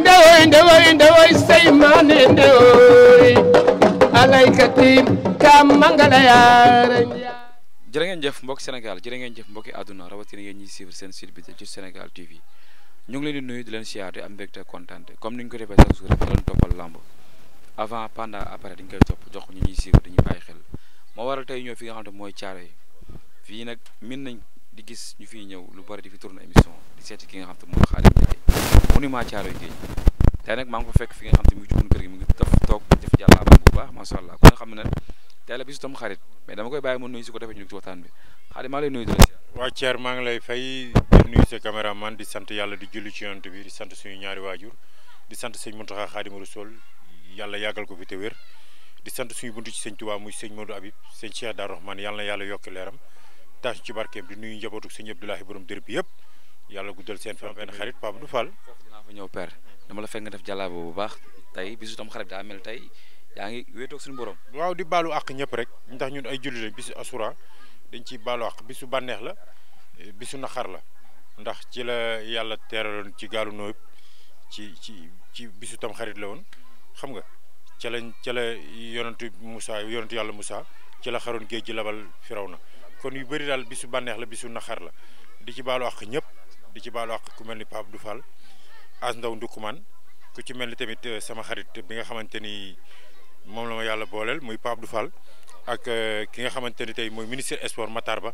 ndewoy ndewoy ndewoy seymane ndewoy alaykati ka mangala yaara jërë ngeen jëf mbokki Sénégal jërë ngeen jëf mbokki àdduna rawatina yéen ñiy suivre seen site bi ci Sénégal TV ñu ngi leen di di leen siyaar di am mbégte kontaan comme ni ñu ko defee chaque jour di leen toppal làmb avant pendant après dañ koy topp jox ñu ñuy suivre dañuy bàyyi xel moo waral tey ñoo fi nga xam ne mooy caare yi fii nag miin nañ di gis ñu fiy ñëw lu bari di fi tourné émission di seeti ki nga xam te moom Khadim Ndiaye monument Thiaroye Géej tey nag maa ngi ko fekk fi nga xam te mu jubun kër gi mu ngi daf toog def jàllaabaam bu baax macha allah ku nga xam ne tele la bisu tam xarit mais dama koy bàyyi ma nuyu si ko defee ñu ci waxtaan bi Khadim maa ngi lay nuyu di waa Thier maa ngi lay fay di nuyu di sant yàlla di julli ci yonent bi di sant suñu ñaari waajur di sant sëñ Mountakha Khadim Rassoul yàlla yàggal ko fi te wér di sant suñu buntu ci sëñ Touba muy sëñ Modou Habib sëñ Cheikh Darou Rahman yàlla yàlla yokk leeram Tas ci barkem di nuyu njabotou seigne Abdoulahi borom derbi bi yalla guddal sen fam ben xarit Pape du Fall. dinaa fa ñew père dama la def jalaabo bu baax tay bisu tam xarit da mel tay yaa ngi wéetoog suñu borom. waaw di balu ak ñep rek ndax ñun ay jullit lañ bisu asura dañ ci balu ak bisu banex la eh, bisu naxar la ndax ci la yalla teeraloon ci galu nooyub ci ci ci bisu tam xarit la won xam nga ci lañ ci la yonentou Musa yonentou yalla musa ci la xaron geejji labal Firawna kon yu bari dal bisu banex la bisu naxar la di ci baalu àq di ci baalu ku melni pap Dufal as ndaw man ku ci melni tamit euh, sama xarit bi nga xamanteni mom la ma muy Dufal ak euh, ki nga xamanteni tay tey ministre sport matarba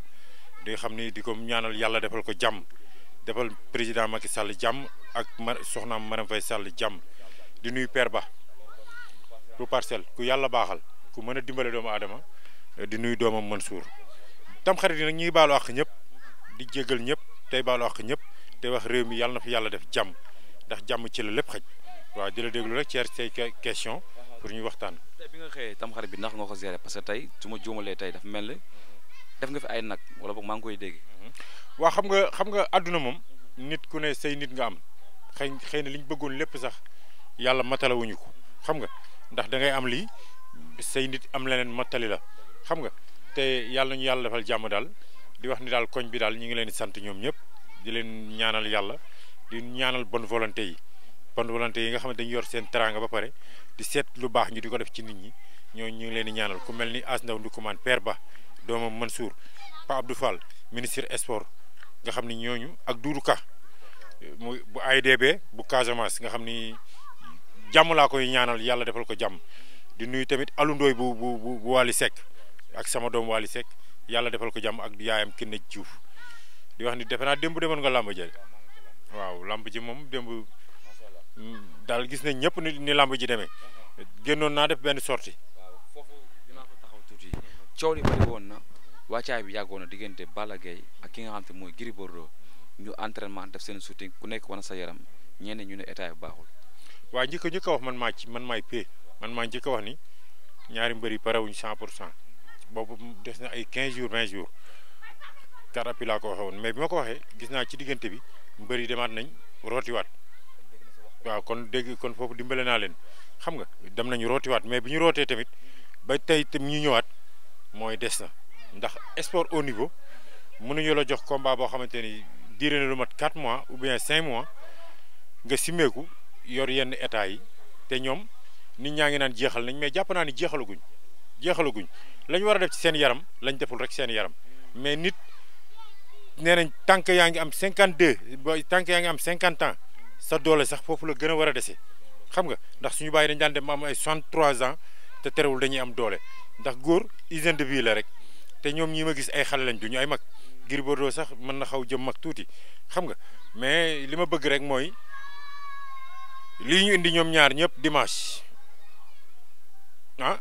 di xamni di ko ñaanal yalla defal ko jam defal president Macky Sall jam ak soxna maram fay Sall jam di nuyu Père Ba bu parcel ku yalla baxal ku meuna dimbalé doomu di nuyu doomam Mansour. tamxarit yi nag ñuy baalo àq ñëpp di jégal ñëpp tey baalu àq ñëpp tey wax réew mi yàlla na fi yàlla def jàmm ndax jàmm ci la lépp xaj waaw di la déglu rek ci say question pour ñu waxtaan. bi nga xëyee tamxarit bi ndax nga ko gérer parce que tey su ma juumalee tey dafa mel ni def nga fi ay nag wala boog maa ngi koy dégg. Mm-hmm. waaw xam nga xam nga àdduna moom. nit ku ne say nit nga am xëy xëy na liñ ñu bëggoon lépp sax yàlla matalawuñu ko xam nga ndax da ngay am lii say nit am leneen matali la nga. te yalla ñu yalla defal jamm dal di wax ni dal koñ bi dal ñi ngi leen di sant ñom ñep di leen ñaanal yalla di ñaanal bonne volonté yi bonne volonté yi nga xam dañ yor seen teranga ba pare di sét lu baax ñu di def ci nit ñi ñoo ñu ngi leen di ñaanal ku melni ni As Ndaw Ndoukoumane Père Ba doomam Mansour Pa Abdou Fall ministre sport nga xamni ni ñooñu ak Doudou Ka bu idb bu Casamance nga xamni jamm la koy ñaanal yalla defal ko jamm di nuyu tamit alundooy bu bu bu Wally ak sama doom Waly Seck yàlla defal ko jàmm ak yaayam Kiné Diouf di wax ni defe naa démb demoon nga làmb ji waaw làmb ji moom démb mm, daal gis nañ ñëpp ni ni làmb ji demee génnoon naa def benn sortie coow li bëri woon na wàccaay bi yàggoon na diggante bala Gaye ak ki nga xam mooy giri Bordeaux ñu entraînement def seen shooting ku nekk wana sa yaram ñenn ñu ne état bi baaxul. waaw njëkk njëkk a wax man maa ci man maay pay man maa njëkk a wax ni ñaari mbër yi parewuñ 100 pour cent boobu des na ay 15 jours 20 jours thérapie laa ko waxee woon mais bi ma ko waxee gis naa ci diggante bi mbëri demaat nañ rootiwaat waaw kon dégg kon foofu dimbale naa leen xam nga dem nañu rootiwaat mais bi ñu rootee tamit ba tey tam ñu ñëwaat mooy des na ndax sport au niveau mënuñu la jox combat boo xamante ni diire na lu mat 4 mois oubien bien mois nga simmeeku yor yenn état yi te ñoom nit ñaa ngi naan jeexal nañ mais jàpp naa ni jeexalaguñ. jeexalaguñ la ñu war a def ci seen yaram lañ deful rek seen yaram mais nit nee nañ tànk yaa ngi am 52 ba tànk yaa ngi am cinquante ans sa doole sax foofu la gën a war a dese xam nga ndax suñu bàyyi dañ daan dem am ay 63 ans te terewul dañuy am doole ndax góor hygiène de vie rek te ñoom ñii ma gis ay xale lañ duñu ay mag Gris Bordeaux sax mën na xaw jëm mag tuuti xam nga mais li ma bëgg rek mooy lii ñu indi ñoom ñaar ñëpp dimanche ah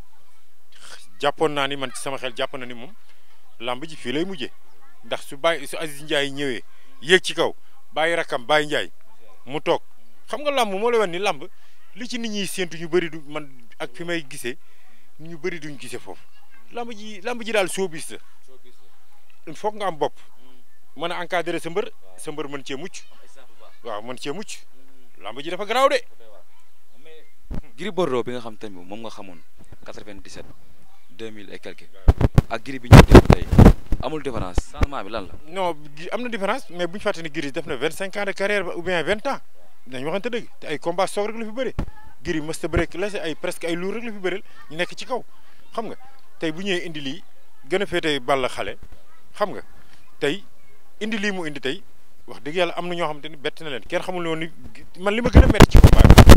jàppoon naa ni man ci sama xel jàpp na ni moom làmb ji fii lay mujjee ndax su bàyyi su Aziz Ndiaye ñëwee yéeg ci kaw bàyyi rakam bàyyi Ndiaye mu toog xam nga làmb moo la wan ni làmb li ci nit ñi séentu ñu bëri du man ak fi may gisee ñu bëri duñ gisee foofu làmb ji làmb ji daal showbiz la il faut nga am bopp mën a encadrer sa mbër sa mbër mën cee mucc waaw mën cee mucc làmb ji dafa garaaw de. Gris Bordeaux bi nga xam tamit moom nga xamoon 97. deux mille et quelque ak amul différence changement bi lan la. non am na différence mais bu ñu fàtte ni Gris na vingt cinq ans de carrière ou bien vingt ans dañu waxante dëgg te ay combat soog rek la fi bëri Gris mës ta bëreek la ay presque ay luur rek la fi bëril ñu nekk ci kaw xam nga tey bu ñëwee indi lii gën a féetee Balla xale xam nga tey indi lii mu indi tey wax dëgg yàlla am na ñoo xamante ni bett na leen kenn xamul woon ni man li ma gën a métti ci combat bi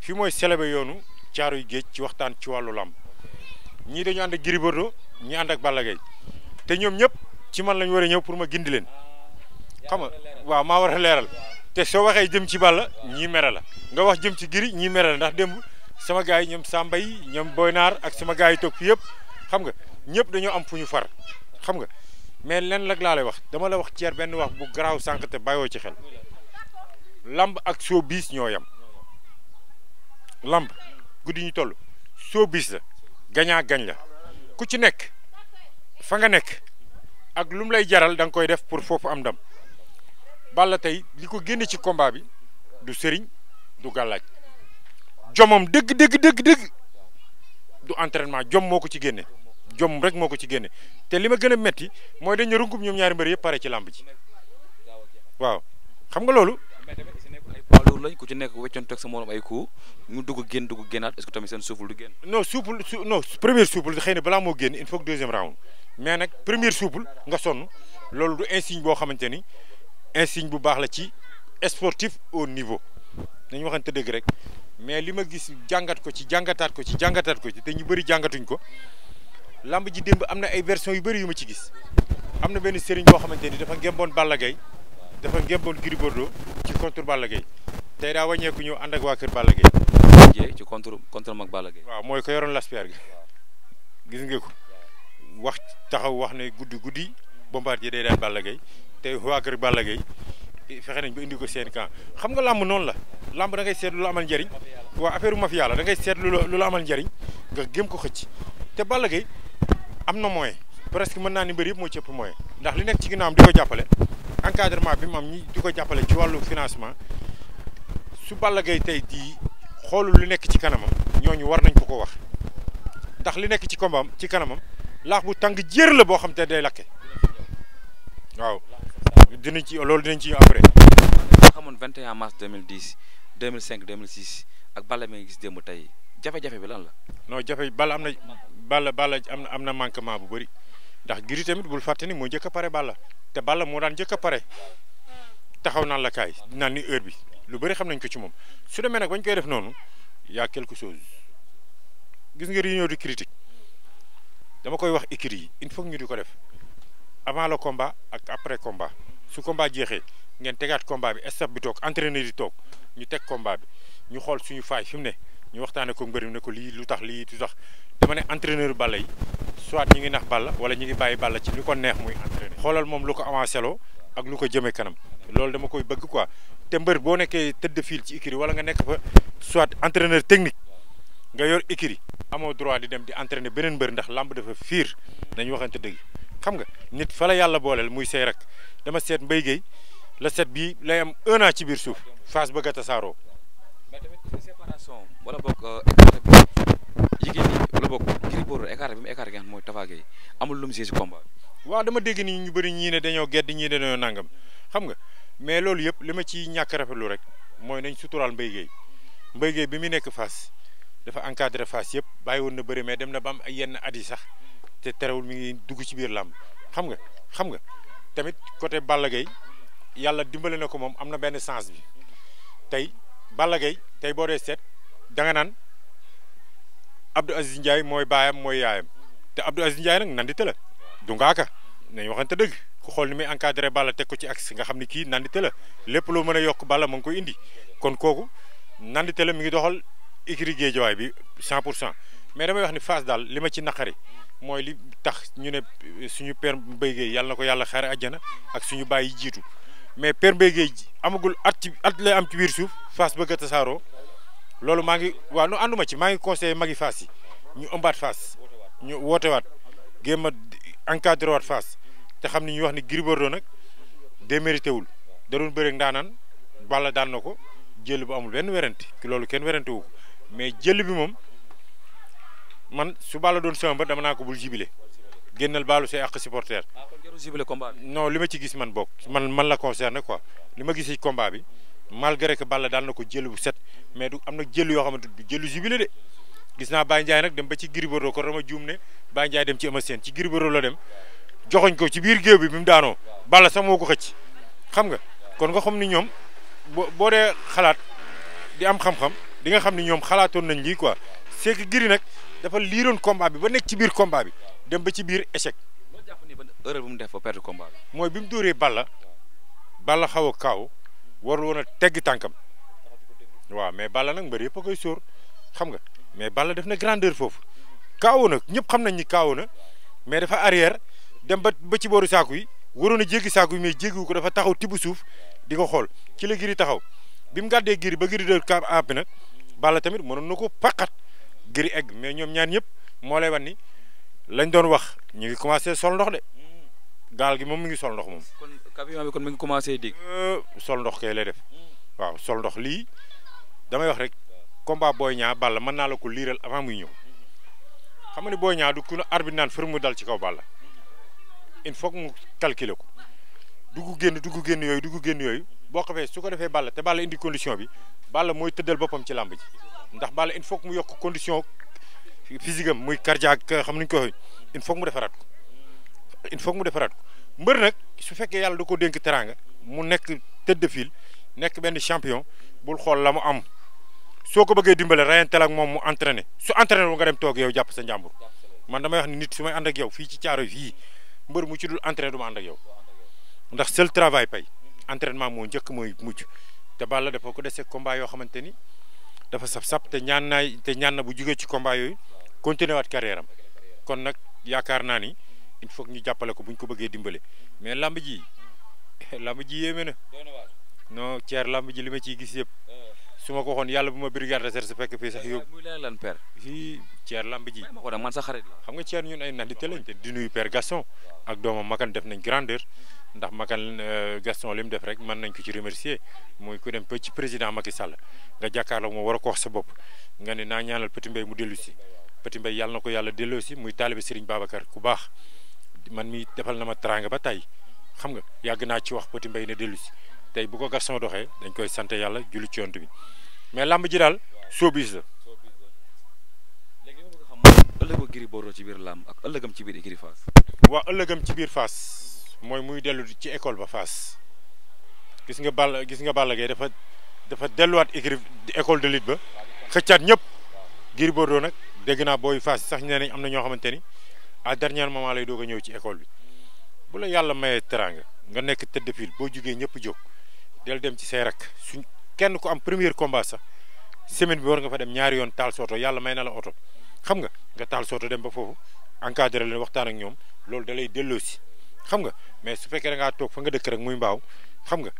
fii mooy célébé yoonu caaro caaru géej ci waxtaan ci wàllu làmb ñii dañu ànd ak Gris Bordeaux ñii ànd ak Balla Gaye te ñoom ñëpp ci man lañu war a ñëw pour ma gindi leen xam nga waaw maa war a leeral te soo waxee jëm ci Balla ñii mere la nga wax jëm ci Gris ñii mere la ndax démb sama gaa yi ñoom Samba yi ñoom Boynaar ak sama gaa yi toog fi yëpp xam nga ñëpp dañoo am fu ñu far xam nga mais leen lag laa lay wax dama la wax ceer benn wax bu garaaw sànq te bàyyoo ci xel làmb ak showbiz ñoo yam lamb guddi ñu toll showbiz la gañaa gañ la ku ci nekk fa nga nekk ak lu mu lay jaral da nga koy def pour foofu am ndam bala tey li ko génne ci komba bi du sëriñ du gàllaaj jomam dëgg dëgg dëgg du entraînement jom moo ko ci génne jom rek moo ko ci génne te li ma gën a metti mooy dañu rungub ñoom ñaari mbër yëpp pare ci làmb ji waaw xam nga loolu tour lañ ku ci nekk weccoon teg sa morom ay coup ñu dugg génn dugg génnaat est-ce que tamit seen du génn non souffle non premier souffle xëy na balaa moo génn il faut que nag premier souffle nga sonn loolu du insigne boo xamante ni insigne bu baax la ci sportif au niveau nañu waxante dëgg rek mais li ma gis jàngat ko ci jàngataat ko ci jàngataat ko ci te ñu bëri jàngatuñ ko lamb ji démb am na ay version yu bëri yu ma ci gis am na benn sëriñ boo xamante ni dafa ngémboon Balla Gaye dafa ngémboon Gris Bordeaux ci contre Balla Gaye tey daa wàññeeku ñëw ànd ak waa kër Balla Gaye ci contre contre mag Balla waaw mooy ko yoroon laspeer gi gis nga ko wax taxaw wax ne guddi guddi Bombardier day daan Balla Gaye tey waa kër Balla Gaye eh, fexe nañ ba indi ko seen camp xam nga làmb noonu la làmb da ngay seet lu la amal njariñ waaw affaire u mafia la da ngay seet lu la amal njariñ nga gém ko xëcc te Balla Gaye am na moyen presque mën naa ni mbër yëpp moo cëpp moyen ndax li nekk ci ginnaawam di ko jàppale encadrement bi moom ñi di ko jàppale ci wàllu financement su Balla Gaye tey di xoolu lu nekk ci kanamam ñooñu war nañ ko ko wax ndax li nekk ci kombaam ci kanamam laax bu tàng jër la boo xam te day lakke waaw dinañ ci loolu dinañ ci après. boo xamoon 21 mars 2010 2005 2006 ak Balla mi ngi gis démb tey jafe bi lan la. non jafe Balla am na Balla Balla am na am na manquement bu bari ndax Gris tamit bul fàtte ni moo njëkk a pare Balla. te Balla moo daan njëkk a pare taxaw naan lakaay kaay naan ni heure bi lu bëri xam nañ ko ci moom su demee nag bañ koy def noonu y a quelque chose gis nga réunion di critique dama koy wax écrit yi il faut ñu di ko def avant la combat ak après combat su komba jeexee ngeen tegaat combat bi staff bi toog entraîneur di toog ñu teg combat bi ñu xool suñu faay fi ne ñu waxtaanee ko mbëri ne ko lii lu tax lii lu tax dama ne entraîneur Balla yi soit ñu ngi nax Balla wala ñu ngi bàyyi Balla ci lu ko neex muy entraîneur xoolal moom lu ko avancé loo ak lu ko jëmee kanam loolu dama koy bëgg quoi te mbër boo nekkee tëdd fiil ci écurie wala nga nekk fa soit entraîneur technique nga yor écurie amoo droit di dem di entraîner beneen mbër ndax làmb dafa fiir nañu waxante dëgg xam nga nit fa la yàlla booleel muy say rek dama seet Mbaye Guèye la seet bii lay am un ci biir a jigéen ñi wala boog Gris Bordeaux écart bi mu écart gi nga xam mooy Tapha amul lu mu combat bi dama dégg ni ñu bëri ñii ne dañoo gedd ñii ne dañoo nangam xam nga mais loolu yëpp li ma ciy ñàkk rafetlu rek mooy nañ suturaal Mbaye Gueye Mbaye Gueye bi mu nekk Fass dafa encadré Fass yëpp bàyyi woon na bëri mais dem na bam am ay yenn adi yi sax te terewul mi ngi dugg ci biir làmb xam nga xam nga tamit côté Balla Gaye yàlla dimbale na amna moom am na sens bi tey Balla Gaye tey boo dee seet da nga naan Abdou Aziz Ndiaye mooy baayam mooy yaayam te Abdou Aziz Ndiaye nag nandite la du ngaaka nañ waxante dëgg ku xool ni muy encadré bala teg ko ci ak si nga xam ni kii nandite la lépp loo mën a yokk bala mu ngi koy indi kon kooku nandite la mi ngi doxal écurie Guédiawaye bi 100 pour cent mais damay wax ni Fass daal li ma ci naqari mooy li tax ñu ne suñu père Mbaye Guèye yàlla na ko yàlla xaare àjjana ak suñu bàyyi jiitu mais père Mbaye Guèye amagul at ci at lay am ci biir suuf Fass bëgg a loolu maa ngi waaw nu ànduma ci maa ngi conseillé magi faas yi ñu ëmbaat Fass ñu wootewaat géem a encadré waat Fass te xam ni ñuy wax ni Gris Bordeaux nag démérité wul da doon bëre ak ndaanaan Balla daan na ko jël bu amul benn werante ki loolu kenn werante wu ko mais jël bi moom man su Balla doon sama ba dama naa ko bul jibile génnal baalu say àq supporter ah, non li ma ci gis man bokk man man la concerné ko li ma gis ci combat bi malgré que Balla daal na ko jël bu set mais du am na jël yoo xamante du jëlu jubile de gis naa Baye Ndiaye nag dem ba ci Gris Bordeaux ko a juum ne Baye Ndiaye dem ci a seen ci Gris Bordeaux la dem joxoñ ko ci biir géew bi bi mu daanoo Balla sax moo ko xëcc xam nga kon nga xam ni ñoom boo boo dee xalaat di am xam-xam nga xam ni ñoom xalaatoon nañ lii quoi c'est que Gris nag dafa liiroon combat bi ba nekk ci biir combat bi dem ba ci biir échec. loolu ni ban erreur bu mu def ba perdre mooy bi mu dóoree Balla Balla xaw a kaaw. warul woon a teggi tànkam waaw mais Balla nag mbër yëpp koy sóor xam nga mais Balla def na grandeur foofu kaawoo na ñëpp xam nañ ni kaawoo na mais dafa arrière dem ba ba ci booru saaku yi waroon a jéggi saaku yi mais jéggiwu ko dafa taxaw tibb suuf di ko xool ci la giri taxaw bi mu gàddee giri ba giri de ka àppi nag Balla tamit mënoon na ko paqat giri egg mais ñoom ñaan ñëpp moo lay wan ni lañ doon wax ñu ngi commencé sol ndox de gaal gi moom mu ngi sol ndox moom. kon camion bi kon mi ngi commencé dégg. Euh, sol ndox kay lay def waaw sol ndox lii damay wax rek combat booy Niang Balla mën naa la ko liiral avant muy ñëw xam nga ne booy Niang du ku ne arbitre naan fër mu dal ci kaw Balla il faut mu calculer ko dugg génn dugg génn yooyu dugg génn yooyu boo xamee su ko defee Balla te Balla indi condition bi Balla mooy tëddal boppam ci làmb ji ndax Balla il faut mu yokk condition physique am muy cardiaque xam nañu ko il faut que mu defaraat ko. il faut mu defaraat ko mbër nag su fekkee yàlla du ko dénk teraanga mu nekk tête de file nekk benn champion bul xool la mu am soo ko bëggee dimbale rayantel ak moom mu entraîné su entraîné wu nga dem toog yow jàpp sa njàmbur man damay wax ni nit su may ànd ak yow fii ci caaro fii mbër mu ci dul entraîné du ànd ak yow ndax seul travail pay entraînement moo njëkk mooy mujj te bala dafa ko desee combat yoo xamante ni dafa sab sab te ñaan te ñaan bu jugee ci combat yooyu continuer waat carrière am kon nag ni. il ñu jàppale ko bu ñu ko bëggee dimbale mais lamb ji lamb ji yéeme na non ceer lamb ji li ma ciy gis yëpp su ma ko waxoon yàlla bu ma brigade recherche fekk fii sax yóbbu muy leen lan père fii ceer lamb ji man sa xarit la xam nga ceer ñun ay nax di lañ di nuyu père Gaston ak doomam Makan def nañ grandeur ndax Makan euh, Gaston li mu def rek mën nañ ko ci remercier mooy ku dem ba ci président Macky Sall nga jàkkaarloo moo war a ko wax sa bopp nga ne naa ñaanal Petit Mbaye mu dellu si Petit Mbaye yàlla na ko yàlla delloo si muy taalibe Serigne Babacar ku baax man mi defal na ma teranga ba tay xam nga yag na ci wax poti Mbaye na delusi tay bu ko garçon doxé dañ koy santé yalla julli ci yontu bi mais lamb ji dal showbiz la. ëllëgoo giri boro ci bir lamb ak ëllëgam ci bir giri fas wa ëllëgam ci bir fas moy muy delu ci école ba fas gis nga bal gis nga bal gay dafa dafa delluwaat écurie école de lutte ba xëccat ñëpp giri boro nak dégg naa booy sax ñeneen am na xamanteni à dernier moment lay doog a ñëw ci école bi bu la yàlla mayee teraanga nga nekk tëdd fil boo jugee ñëpp jóg del dem ci say rak suñ kenn ku am premier combat sax semaine bi war nga fa dem ñaari yoon taal sooto yàlla may na la oto xam nga nga taal sooto dem ba foofu encadré leen waxtaan ak ñoom loolu da lay delloo si xam nga mais su fekkee da ngaa toog fa nga dëkk rek muy mbaaw xam nga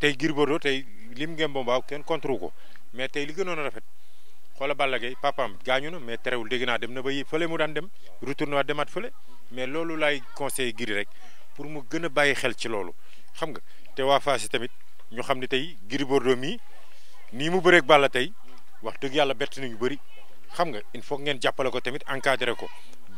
tey Gris Bordeaux tey liim ngeen ba mbaaw kenn contre ko mais tey li gënoon rafet. xoola Balla Gaye papaam gaañu na mais terewul dégg naa dem na ba yi fële mu daan dem retourné waat demaat fële mais loolu laay conseil Gris rek pour mu gën a bàyyi xel ci loolu xam nga te waa Fass tamit ñu xam ne tey giri Bordeaux mii nii mu bëreeg Balla tey wax dëgg yàlla bett na ñu bëri xam nga il faut ngeen jàppale ko tamit encadré ko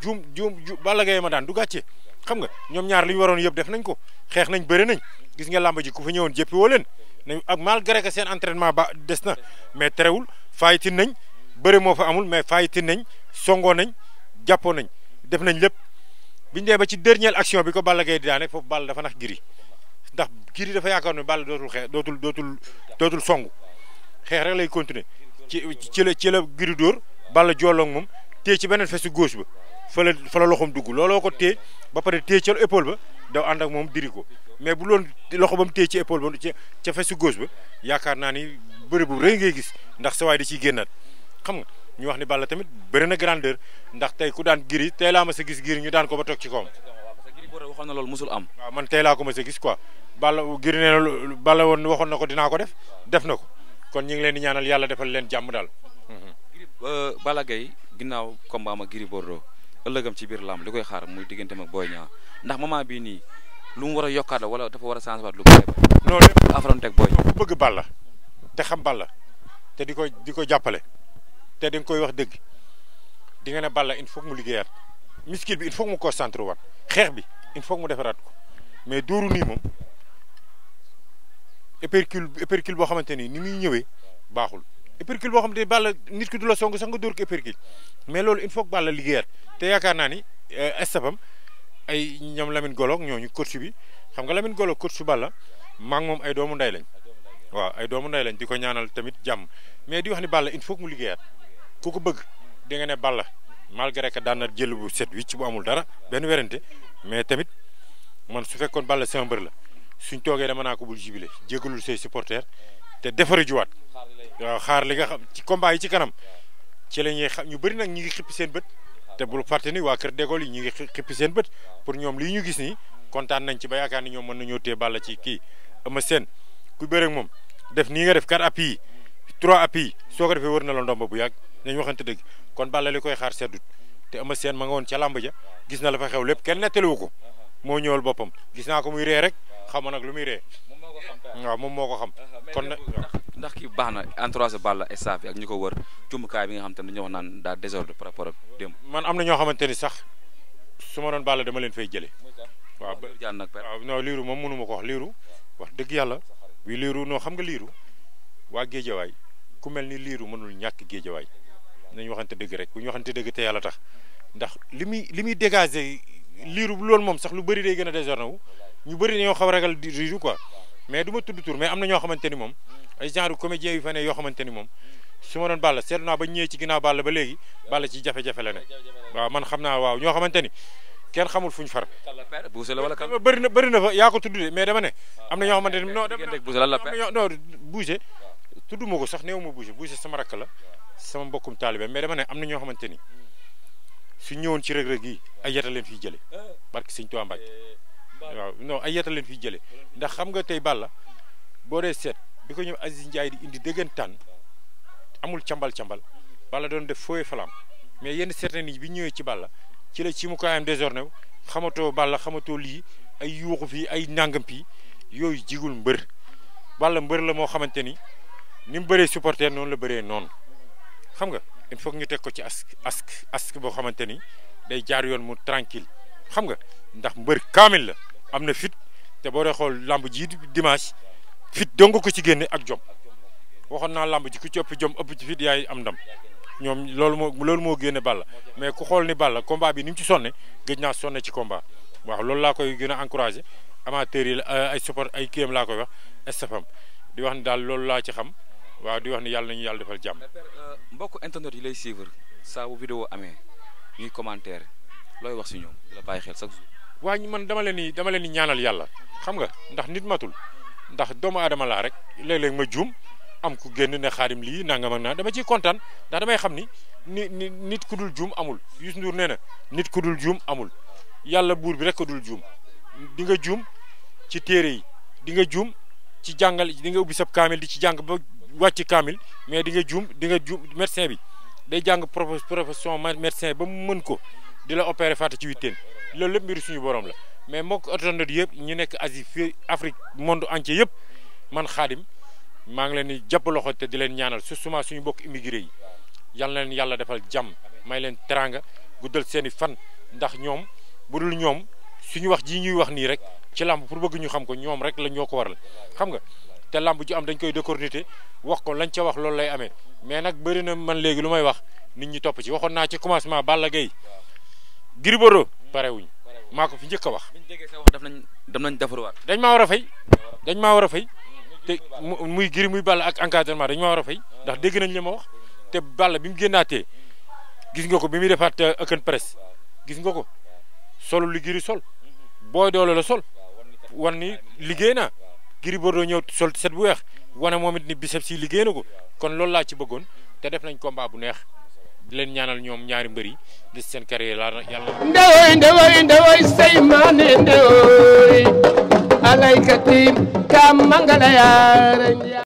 juum juum ju Balla Gaye ma daan du gàcce xam nga ñoom ñaar li ñu waroon yëpp def nañ ko xeex nañ bëri nañ gis nga làmb ji ku fa ñëwoon jéppi woo leen nañ ak malgré que seen entraînement ba des na mais terewul fayitin nañ bëri moo fa amul mais fayitin nañ songoo nañ jàppoo nañ def nañ lépp biñu dee ba ci dernière action bi ko Balla Gaye di daane foofu Balla dafa nax giri ndax Gris dafa yaakaar ne Balla dootul xeex dootul dootul dootul song xeex rek lay continuer ci ci la ci la Gris Balla jooloog moom téye ci beneen fesu gauche ba fa la fa la dugg looloo ko téye ba pare téye ca épaule ba daw ànd moom diri ko mais bu loon loxo ba mu téye ci épaule ba ca ca fesu gauche yaakaar naa ni bëri bu rëy ngay gis ndax sa di da ciy génnaat xam nga ñu wax ni Balla tamit bëri a grandeur ndax tey ku daan giri tey laa ma sa gis giri ñu daan ko ba toog ci koom. waxoon na loolu musul am. waaw man tey laa ko ma sa gis quoi Balla giri nee na Balla woon waxoon na ko dinaa ko def def na ko kon ñu ngi leen di ñaanal yàlla defal leen jàmm daal. Euh, Balla gay ginnaaw combat ma Gris Bordeaux ëllëgam ci biir laam lu koy xaar muy digganteem ak Boy Niang ndax moment bii nii lu mu war a yokkaat la wala dafa war a changé waat lu bëri non lépp affronté ak te xam di ko di ko jàppale té dañ koy wax dëgg di nga ne Balla il faut mu liggéeyaat miskil bi il faut mu concentré wat xex bi il faut mu défarat ko mais dooru ni mom épercule épercule bo xamanteni ni mi ñëwé baxul épercule bo xamanteni Balla nit ki du la song sax épercule mais lool il faut Balla té na ni estafam euh, ay ñam Lamine ñoo ñu kursi bi xam nga Lamine golok coach Balla maa ngi ay doomu nday lañ wa ay doomu nday lañ diko ñaanal tamit jam mais di wax ni Balla il faut mu ku ko bëgg di nga ne Balla malgré que daan jël bu set wicc bu amul dara ben werente mais tamit man su fekkoon Balla sama mbër la suñ toogee dama na ko bul jibilé jégalul say supporters te défaru juwaat xaar li nga xam ci combat yi ci kanam ci la xam ñu bari nak ñi ngi xippi seen bët te bul parti ni wa Kër Dégol yi ñi ngi xippi seen bët pour ñom li ñu gis ni contane nañ ci ba ni ñoom mën nañoo Balla ci ki ama sen ku bëre ak moom def ni nga def quatre appuis 3 trois soko na la ndomba bu nañ waxante deug kon Balla li koy xaar seddut te Eumeu seen ma nga ci lamb ja gis na la fa xew lepp kenn nettaliwu wuko mo ñewal bopam gis na ko muy ree rek xam nak lu muy ree xam kon ndax ki baxna na entourage Balla staff bi ak ñuko wër nan cumbukaay bi nga xam tane wax naan da désordre par rapport ak man amna ño xamanteni sax suma don doon Balla dama leen fay jaan nak liru. no liru mom mënu mako wax liru wax deug yalla wi liru no xam nga liru wa ku melni ni mënul ñak géejawaay nañu waxante dëgg rek bu ñu waxante dëgg te yàlla tax ndax li muy li muy dégager liiru loolu moom sax lu bëri day gën a désordre wu ñu bëri dañoo xaw a ragal di riiru quoi mais du tudd tur mais am na ñoo xamante ni moom ay genre comédien yu fa ni moom ma doon Balla seetlu naa ba ñëwee ci ginnaaw Balla ba léegi Balla ci jafe-jafe la ne xam naa waaw ñoo xamante ni kenn xamul fu ñu far. Boucher la wala kan na bëri na fa yaa ko tudd de mais dama ne. am na ñoo xamante ni non non Boucher tudd ma ko sax néew ma Boucher Boucher sama rakk la sama mbokkum taalibe mais dama ne am na ñoo xamante ni fi ñëwoon ci rëg-rëg yi ay yeta leen fiy jële barki sëñ Tuubaa Mbàkke eh, waaw non ay yeta leen fiy jële eh, ndax xam nga tey Balla boo dee seet bi ko ñëw Aziz Ndiaye di indi dëggantaan amul cambal-cambal Balla doon def fooye falaam mais yenn certain nit bi ñëwee ci Balla ci la ci mu kaayam désormais xamatoo Balla xamatoo lii ay yuuxu fii ay nàngam fii yooyu jigul mbër Balla mbër la moo xamante ni ni mu bëree supporter noonu la bëree noonu xam nga il faut ñu teg ko ci ask ask ask boo xamante ni day jaar yoon mu tranquille xam nga ndax mbër kaamil la am na fit te boo dee xool lamb ji dimanche fit dong ko ci génne ak jom waxoon naa lamb ji ku ci ëpp jom ëpp ci fit yaay am ndam ñoom loolu moo loolu moo génne Balla mais ku xool ni Balla combat bi ni mu ci sonne gëj naa sonne ci combat waaw loolu laa koy gën a encouragé amateurs yi ay support ay kéem laa koy wax stfam di wax ni daal loolu laa ci xam waaw di wax ni yàlla nañu yàlla defal jàmm. Euh, mbokk internet yi lay suivre saa bu vidéo amee ñuy commentaire looy wax si ñoom di la bàyyi xel chaque jour. waa man dama leen ni dama leen ni ñaanal yàlla xam nga ndax nit matul ndax doomu aadama laa rek léeg-léeg ma juum am ku génn ne xaarim lii nangam ak naa dama ciy kontaan ndax damay xam ni ni nit ku dul juum amul yus nene, nee nit ku dul juum amul yàlla buur bi rek ko dul juum di nga juum ci téere yi di nga juum ci jàngal di nga ubbi sab kaamil di ci jàng ba wacc kamil mais di nga juum di nga juum médecin bi day jàng profession médecin ba mu mën ko dila opérer fat ci witteen lolou lepp mbir suñu borom la mais mok yeb ñu nek Asie Afrique monde entier yeb man khadim ma ngi leen di jàpp loxo te di leen ñaanal suma suñu mbokk immigré yi yalla na leen defal jam may leen teranga guddal fan ndax ñom budul ñom suñu wax ji ñuy wax ni rek ci lamb pour bëgg ñu xam ko ñom rek la ñoko waral xam nga. te lamb ju am dañ koy décornité wax ko lañ ca wax loolu lay amee mais nag bëri na man léegi lu may wax nit ñi topp ci waxoon naa ci commencement Balla Gaye Gris Bordeaux wuñ maa ko fi njëkk a wax. daf nañ daf nañ defarwaat. dañ maa war fay dañ maa war a fay te muy Gris muy Balla ak encadrement dañ ma war fay ndax dégg nañ li ma wax te Balla bi mu génnaatee gis nga ko bi muy defaat ëkkan euh, presse gis nga ko solu li sol booy doole la sol wani liggéey naa. Gris Bordeaux ñëw sol set bu weex wane moom it ni biceps si liggéey na ko kon lool laa ci bëggoon te def nañ combat bu neex di leen ñaanal ñoom ñaari mbër yi di seen carrière la yàlla ndewoy ndewoy ndewoy say maane ndewoy alaykati ka mangala yaara